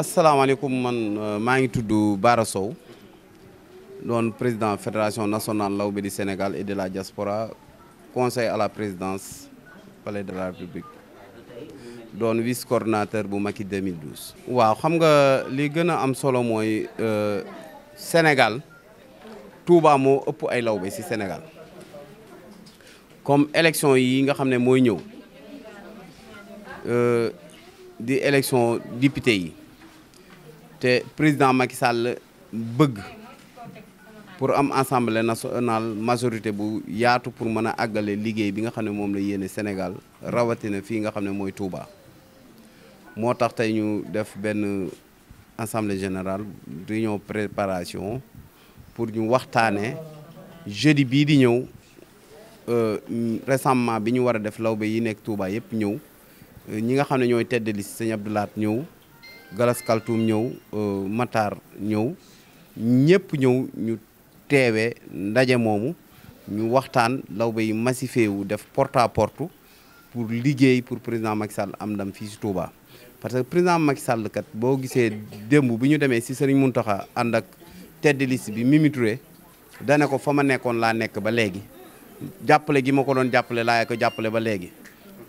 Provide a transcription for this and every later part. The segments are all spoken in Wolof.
asalaamaaleykum man euh, maa ngi tudd Bara Sow doon président fédération nationale Lawbe di Sénégal et de la diaspora conseil à la présidence palais de la République doon vice coordonnateur bu Macky 2012. waaw xam nga li gën a am solo mooy euh, Sénégal Touba moo ëpp ay lawbe ci Sénégal comme élection yi nga xam ne mooy ñëw euh, di élection député yi te président Macky Sall bëgg pour am assemblée nationale majorité bu yaatu pour mën a àggale liggéey bi nga xam ne moom la yéene Sénégal rawatina fii nga xam ne mooy Touba moo tax tey ñu def benn général di ñëw préparation pour ñu waxtaanee jeudi bii di ñëw euh, récemment bi ñu war a def lawbe yi nekk Touba yëpp ñëw euh, ñi nga xam ne ñooy tedd liste sëñ Abdou Lahat ñëw. Galas Kaltoum ñëw euh, Matar ñëw ñëpp ñëw ñu teewe ndaje moomu ñu waxtaan lawbe yi massifé wu def porte à pour liggéey pour président Macky Sall am ndam fii si Touba. parce que président Macky Sall kat boo gisee démb bu ñu demee si Serigne Mountakha ànd ak tedd liste bi Mimi Touré dane ko fa ma nekkoon laa nekk ba léegi jàppale gi ma ko doon jàppale laay ko jàppale ba léegi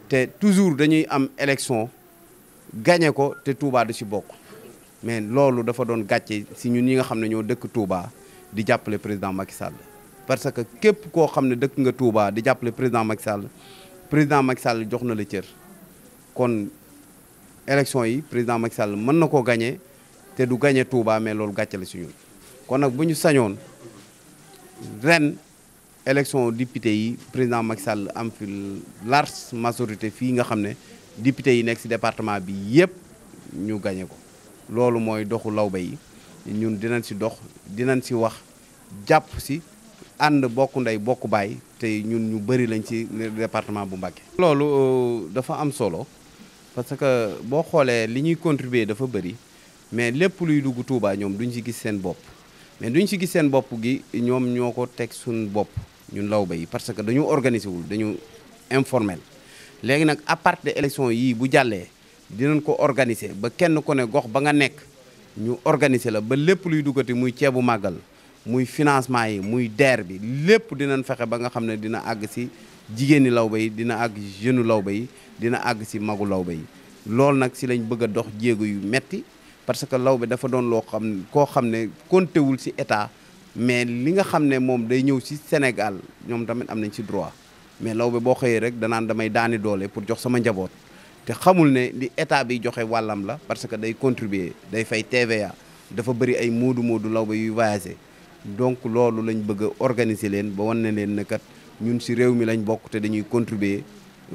te toujours dañuy am élection. gañe ko te Touba du si bokk mais loolu dafa doon gàcce si ñun ñi nga xam ne ñoo dëkk Touba di jàppale président Macky parce que képp koo xam ne dëkk nga Touba di jàppale président Macky président Macky Sall jox na la cër kon élection yi président Macky mën na koo gañe te du gañe Touba mais loolu gàcce la si ñun kon nag bu ñu sañoon ren élection député yi président Macky Sall am fi large majorité fii nga xam ne député yi nekk si département bi yépp ñu gañe ko loolu mooy doxu lawbe yi ñun dinañ si dox dinañ si wax jàpp si ànd bokk ndey bokk baay tey ñun ñu bari lañ ci département bu Mbacké loolu euh, dafa am solo parce que boo xoolee li ñuy contribuer dafa bari mais lépp luy dugg tuubaa ñoom duñ si gis seen bopp mais duñ si gis seen bopp gi ñoom ñoo ko teg suñ bopp ñun lawbe yi parce que dañu organiser wul dañu informel léegi nag à part de élection yii bu jàllee dinañ ko organiser ba kenn ko ne gox ba nga nekk ñu organiser la ba lépp luy duggati muy ceebu màggal muy financement yi muy DER bi lépp dinañ fexe ba nga xam ne dina àgg si jigéeni lawbe yi dina àgg si jeune lawbe dina àgg si magu lawbe yi loolu nag si lañ bëgg a dox jéego yu metti parce que lawbe dafa doon loo xam koo xam ne kontéwul si état mais li nga xam ne moom day ñëw si Sénégal ñoom tamit am nañ si droit mais Lawbe boo xëyee rek danaan damay daani doole pour jox sama njaboot te xamul ne li état bi joxe wàllam la parce que day contribuer day fay TVA dafa bëri ay moodu moodu Lawbe yuy voyager donc loolu lañ bëgg a organiser leen ba wan ne leen ne kat ñun si réew mi lañ bokk te dañuy contribuer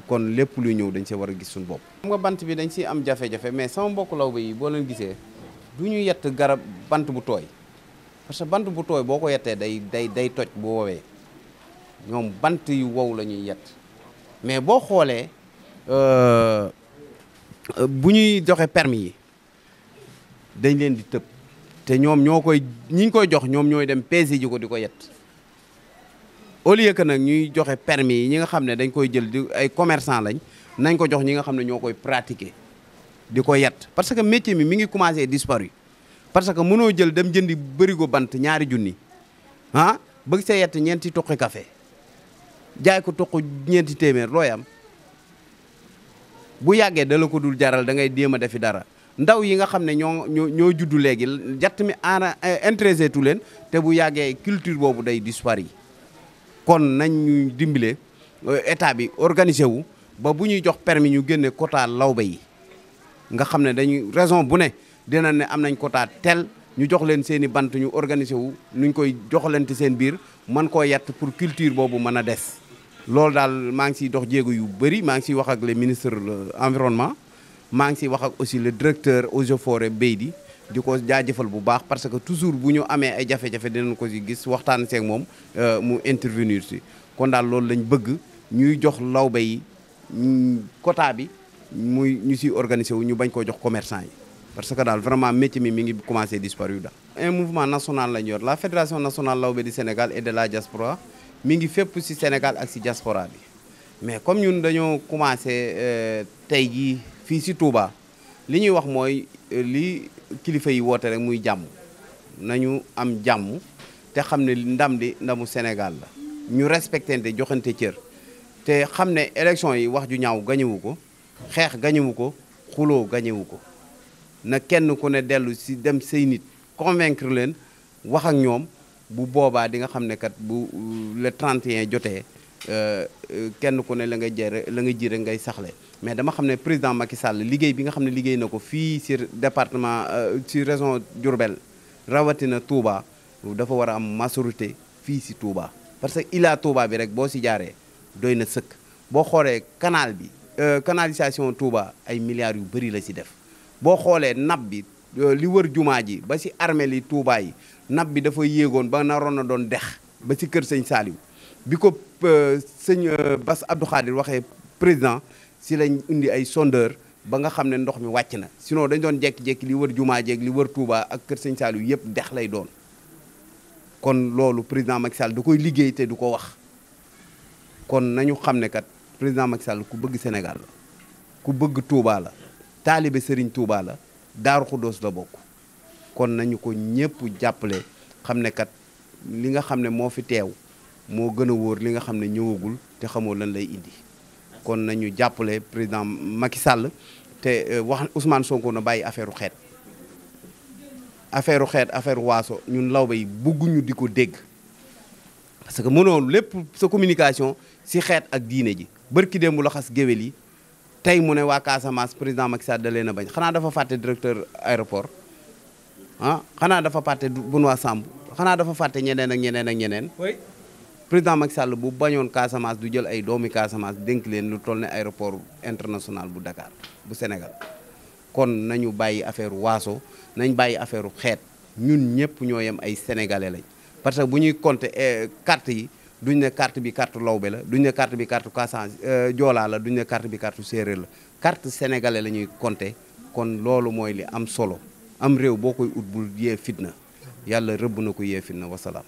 kon lépp lu ñëw dañ see war a gis suñu bopp. xam nga bant bi dañ siy am jafe-jafe mais sama mbokk Lawbe yi boo leen gisee du ñu yett garab bant bu tooy parce que bant bu tooy boo ko yettee day day day toj bu ñoom bant yu wow la ñuy yet mais boo xoolee euh, euh, bu ñuy joxe permis yi dañ leen di tëb te ñoom ñoo koy ñi koy jox ñoom ñooy dem peser ji ko di ko yet au lieu que nag ñuy joxe permis yi ñi nga xam ne dañ koy jël di ay commerçant lañ nañ ko jox ñi nga xam ne ñoo koy pratiquer di ko yet parce que métier mi mi ngi commencé disparu parce que mënoo jël dem jëndi bërigo bant ñaari junni ah bëgg sa yett ñeenti tuqi kafe jaay ko toq ñeenti téeméer looy am bu yàggee dala ko dul jaral da ngay déem a defi dara ndaw yi nga xam ne ñoo ñoo ñoo juddu léegi jatt mi en euh, intéressé tu leen te bu yàggee culture boobu day dispari kon nañ ñu dimbale euh, état bi organisé wu ba bu ñuy jox permis ñu génne quota lawbe yi nga xam ne dañuy raison bu ne dina ne am nañ quota tel ñu jox leen seen i bant ñu organisé wu nuñ koy joxalante seen biir mën koo yatt pour culture boobu mën a des loolu daal maa ngi siy dox jéego yu bëri maa ngi siy wax ak le ministre euh, environnement maa ngi siy wax ak aussi le directeur eaux et forêts béy di di ko jaajëfal bu baax parce que toujours bu ñu amee ay jafe-jafe dinañ ko si gis waxtaan seek moom euh, mu intervenir si kon daal loolu lañ bëgg ñuy jox lawbe yi quota bi muy ñu siy organiser wu ñu bañ koo jox commerçant yi parce que daal vraiment métier mi mi ngi commencé disparu daal un mouvement national lañ yor la fédération nationale lawbe du Sénégal et mi ngi fépp si Sénégal ak si diaspora bi mais comme ñun dañoo commencé euh, tey jii fii si Touba li ñuy wax mooy euh, li kilifa yi woote rek muy jàmm nañu am jàmm te xam ne ndam di ndamu Sénégal la ñu respecté te joxante cër te xam ne élection yi wax ju ñaaw gañewu ko xeex gañewu ko xuloo gañewu ko na kenn ku ne dellu si dem say nit convaincre leen wax ak ñoom bu boobaa di nga xam ne kat bu euh, le 31 jotee euh, euh, kenn ku ne la nga jëre la nga jire ngay saxle mais dama xam ne président Macky Sall liggéey bi nga xam ne liggéey na ko fii si département si région Diourbel rawatina Touba dafa war a am majorité fii si Touba parce que Ila Touba bi rek boo si jaaree doy na sëkk boo xoolee canal bi canalisation Touba ay milliards yu bëri la ci def boo xoolee nab bi Euh, li wër jumaa ji ba si armeel yi tuubaa yi nab bi dafa yéegoon ba naroon na doon dex ba si kër sañ Saliou bi ko euh, sëñ euh, Bass Abdou Khadir waxee président si lañ indi ay sondeur ba nga xam ne ndox mi wàcc na sinon dañ doon jekki-jekki li wër jumaa jeeg li wër Touba ak kër sëñ Saliou yëpp dex lay doon kon loolu président Macky Sall da koy liggéey te du ko wax kon nañu xam ne kat président Macky Sall ku bëgg senegal ku bëgg tuubaa la taalibe sëriñ Touba la daaru xuddoos la bokk kon nañu ko ñëpp jàppale xam ne kat li nga xam ne moo fi teew moo gën a wóor li nga xam ne ñëwagul te xamoo lan lay indi kon nañu jàppale président Macky Sall te euh, wax Ousmane Sonko na bàyyi affaire xeet affaire u xeet affaire waaso ñun lawbe yi bëgguñu di ko dégg parce que mënoo lépp sa communication si xeet ak diine ji bërki démb la xas géwél yi tey mu ne waa Casamance président Macky Sall da leen a bañ xanaa dafa fàtte directeur aéroport ah xanaa dafa fàtte Benoît Sambou xanaa dafa fàtte ñeneen ak ñeneen ak ñeneen. président Macky Sall bu bañoon Casamance du jël ay doomi Casamance dénk leen lu toll ne aéroport international bu dakaar bu Sénégal kon nañu bàyyi affaire waaso nañ bàyyi affaire xeet ñun ñëpp ñoo yam ay sénégalais lañ parce que bu ñuy compter eh, carte yi. duñ ne carte bi carte lawbe la duñ ne carte bi carte kasan euh, joolaa la duñ ne carte bi carte séeréer la carte sénégalais la ñuy compter kon loolu mooy li am solo am réew boo koy ut bul yee fitna yàlla rëbb na ko yee fitna wasalaam